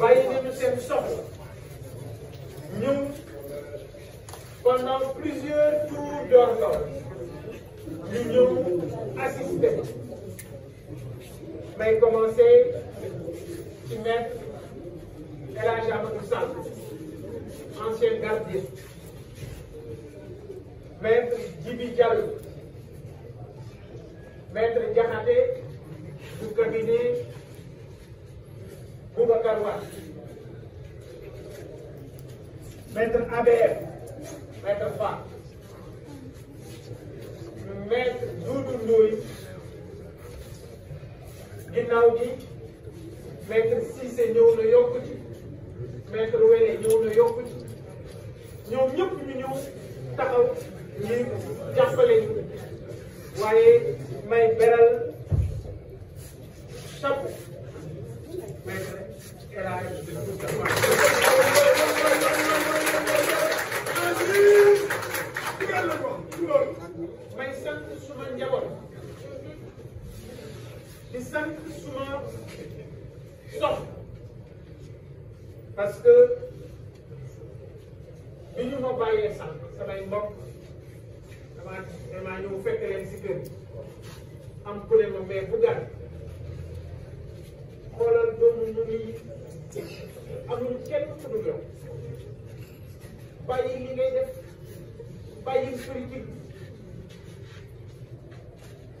bàyyi nañu seen soxla Nous pendant plusieurs tours d'ordre. nous nous assisté Mais commencé à mettre El jambe Amadou sang. ancien gardien maître Djibi Diallo maître Ganade, du cabinet Wade maître ABF maître Fa maître Doudou Ndoye ginnaaw gi maître Cissé ñëw na yokku ci maître Wele ñëw na yokku ci ñoom ñëpp ñu ñëw taxaw ngir jàppale waaye may beral loolu may sant suma njaboot di sant suma sox parce que bi ñu ma bàyyee sax samay mbokk damaa damaa ñëw fekk leen si kër am ku ne ma mais bu gàtt xoolal doomu ñu ngi amul kenn ku dul yow bàyyi li ngay def bàyyi politique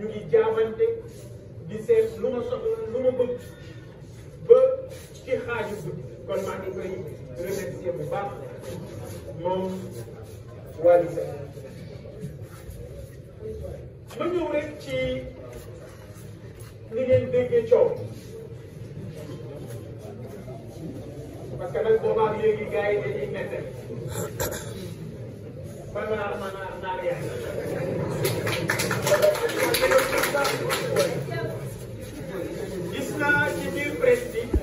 ñu ngi jaamante di seet lu ma soxla lu ma bëgg ba ci xaaju guddi kon maa ngi koy remercier bu baax moom Wally Seck ma ñëw rek ci li ngeen déggee coow parce que nag boobaa léegi gars yi dañuy métti ba nga naan ma naan yaay mensagem de princípio.